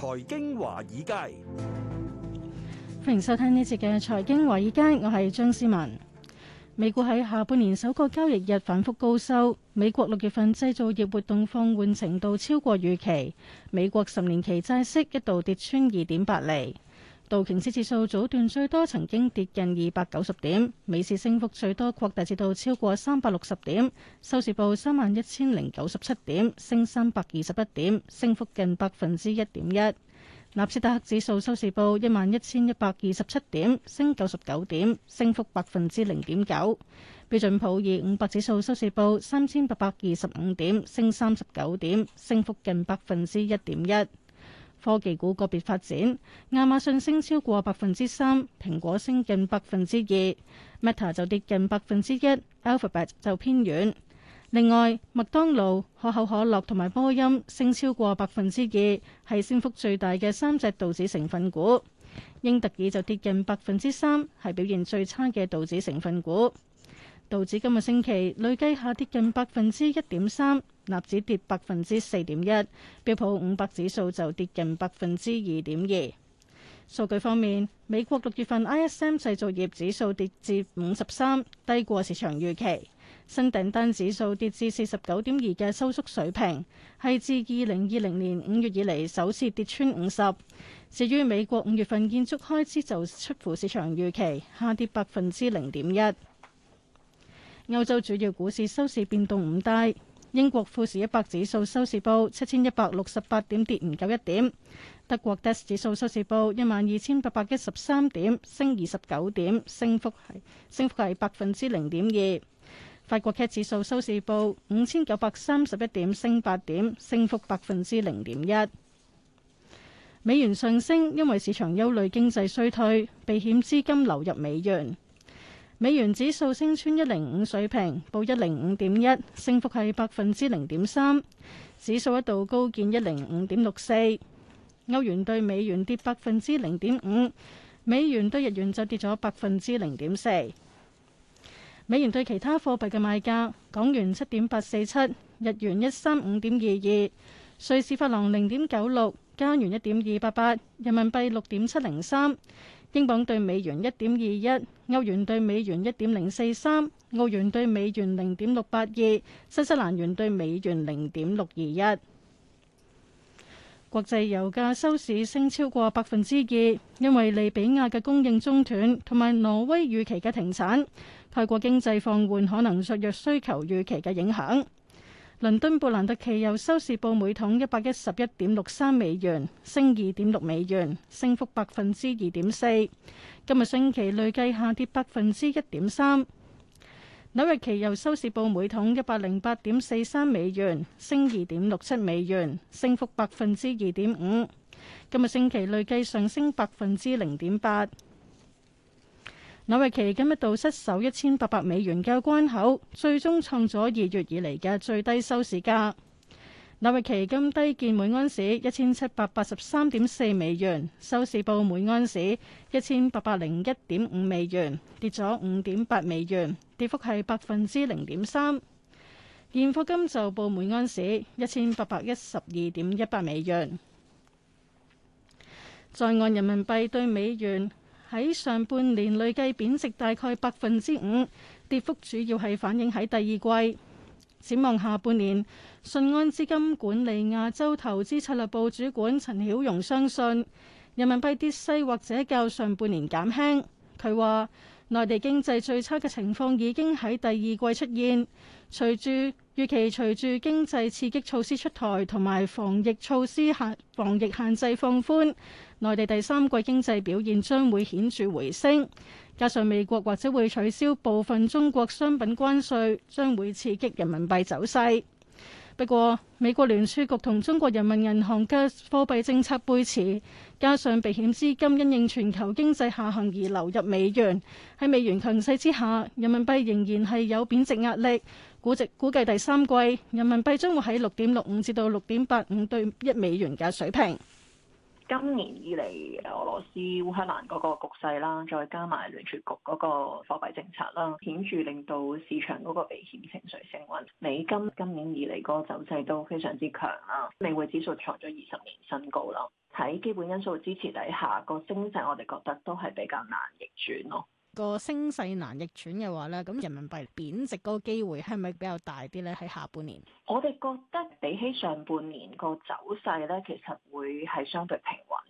財經華爾街，歡迎收聽呢節嘅財經華爾街，我係張思文。美股喺下半年首個交易日反復高收，美國六月份製造業活動放緩程度超過預期，美國十年期債息一度跌穿二點八厘。道瓊斯指數早段最多曾經跌近二百九十點，美市升幅最多擴大至到超過三百六十點，收市報三萬一千零九十七點，升三百二十一點，升幅近百分之一點一。納斯達克指數收市報一萬一千一百二十七點，升九十九點，升幅百分之零點九。標準普爾五百指數收市報三千八百二十五點，升三十九點，升幅近百分之一點一。科技股個別發展，亞馬遜升超過百分之三，蘋果升近百分之二，Meta 就跌近百分之一，Alphabet 就偏軟。另外，麥當勞、可口可樂同埋波音升超過百分之二，係升幅最大嘅三隻道指成分股。英特爾就跌近百分之三，係表現最差嘅道指成分股。道指今個星期累計下跌近百分之一點三。納指跌百分之四點一，標普五百指數就跌近百分之二點二。數據方面，美國六月份 ISM 製造業指數跌至五十三，低過市場預期；新訂單指數跌至四十九點二嘅收縮水平，係自二零二零年五月以嚟首次跌穿五十。至於美國五月份建築開支就出乎市場預期，下跌百分之零點一。歐洲主要股市收市變動唔大。英國富時一百指數收市報七千一百六十八點，跌唔夠一點。德國 DAX 指數收市報一萬二千八百一十三點，升二十九點，升幅係升幅係百分之零點二。法國 CAC 指數收市報五千九百三十一點，升八點，升幅百分之零點一。美元上升，因為市場憂慮經濟衰退，避險資金流入美元。美元指數升穿一零五水平，報一零五點一，升幅係百分之零點三。指數一度高見一零五點六四。歐元對美元跌百分之零點五，美元對日元就跌咗百分之零點四。美元對其他貨幣嘅賣價：港元七點八四七，日元一三五點二二，瑞士法郎零點九六，加元一點二八八，人民幣六點七零三。英鎊對美元一點二一，歐元對美元一點零四三，澳元對美元零點六八二，新西蘭元對美元零點六二一。國際油價收市升超過百分之二，因為利比亞嘅供應中斷同埋挪威預期嘅停產，泰國經濟放緩可能削弱需求預期嘅影響。倫敦布蘭特期油收市報每桶一百一十一點六三美元，升二點六美元，升幅百分之二點四。今日星期累計下跌百分之一點三。紐約期油收市報每桶一百零八點四三美元，升二點六七美元，升幅百分之二點五。今日星期累計上升百分之零點八。紐約期金一度失守一千八百美元嘅關口，最終創咗二月以嚟嘅最低收市價。紐約期金低見每盎司一千七百八十三點四美元，收市報每盎司一千八百零一點五美元，跌咗五點八美元，跌幅係百分之零點三。現貨金就報每盎司一千八百一十二點一八美元。在岸人民幣對美元，喺上半年累計貶值大概百分之五，跌幅主要係反映喺第二季。展望下半年，信安資金管理亞洲投資策略部主管陳曉容相信，人民幣跌勢或者較上半年減輕。佢話：內地經濟最差嘅情況已經喺第二季出現，隨住。預期隨住經濟刺激措施出台同埋防疫措施限防疫限制放寬，內地第三季經濟表現將會顯著回升。加上美國或者會取消部分中國商品關稅，將會刺激人民幣走勢。不過，美國聯儲局同中國人民銀行嘅貨幣政策背馳，加上避險資金因應全球經濟下行而流入美元，喺美元強勢之下，人民幣仍然係有貶值壓力。估值，估計第三季，人民幣將會喺六點六五至到六點八五對一美元嘅水平。今年以嚟，俄羅斯烏克蘭嗰個局勢啦，再加埋聯儲局嗰個貨幣政策啦，顯著令到市場嗰個避險情緒升温。美金今年以嚟嗰個走勢都非常之強啦，美匯指數創咗二十年新高啦。喺基本因素支持底下，個升勢我哋覺得都係比較難逆轉咯。個升勢難逆轉嘅話咧，咁人民幣貶值個機會係咪比較大啲咧？喺下半年，我哋覺得比起上半年個走勢咧，其實會係相對平穩。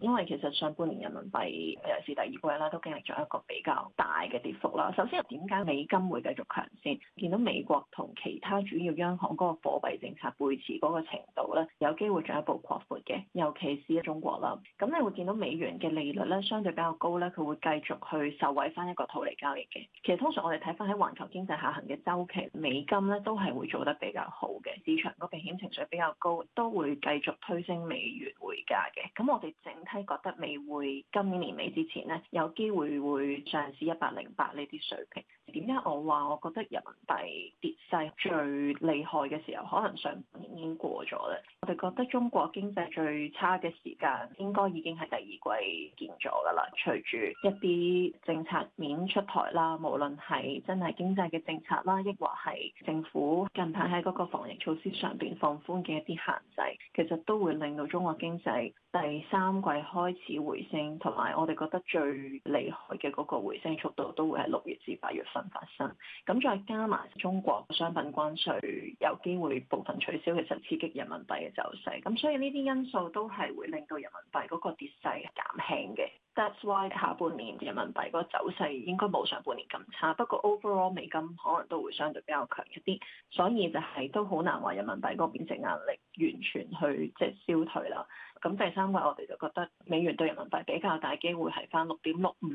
因為其實上半年人民幣尤其係第二季啦，都經歷咗一個比較大嘅跌幅啦。首先，點解美金會繼續強先？見到美國同其他主要央行嗰個貨幣政策背馳嗰個程度咧，有機會進一步擴闊嘅。尤其是中國啦，咁你會見到美元嘅利率咧，相對比較高咧，佢會繼續去受惠翻一個套利交易嘅。其實通常我哋睇翻喺環球經濟下行嘅週期，美金咧，都係會做得比較好嘅，市場嗰個避險情緒比較高，都會繼續推升美元匯價嘅。咁我哋。整體覺得未會今年年尾之前呢，有機會會上市一百零八呢啲水平。點解我話我覺得人民幣跌勢最厲害嘅時候，可能上半年已經過咗啦。我哋覺得中國經濟最差嘅時間應該已經係第二季見咗㗎啦。隨住一啲政策面出台啦，無論係真係經濟嘅政策啦，抑或係政府近排喺嗰個防疫措施上邊放寬嘅一啲限制，其實都會令到中國經濟第三。三季開始回升，同埋我哋覺得最厲害嘅嗰個回升速度都會喺六月至八月份發生。咁再加埋中國商品關稅有機會部分取消，其實刺激人民幣嘅走勢。咁所以呢啲因素都係會令到人民幣嗰個跌勢減輕嘅。That's why 下半年人民幣嗰個走勢應該冇上半年咁差，不過 overall 美金可能都會相對比較強一啲，所以就係都好難話人民幣嗰個貶值壓力完全去即係、就是、消退啦。咁第三季我哋就覺得美元對人民幣比較大機會係返六點六五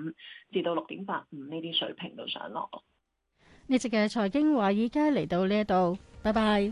至到六點八五呢啲水平度上落。呢節嘅財經華爾街嚟到呢一度，拜拜。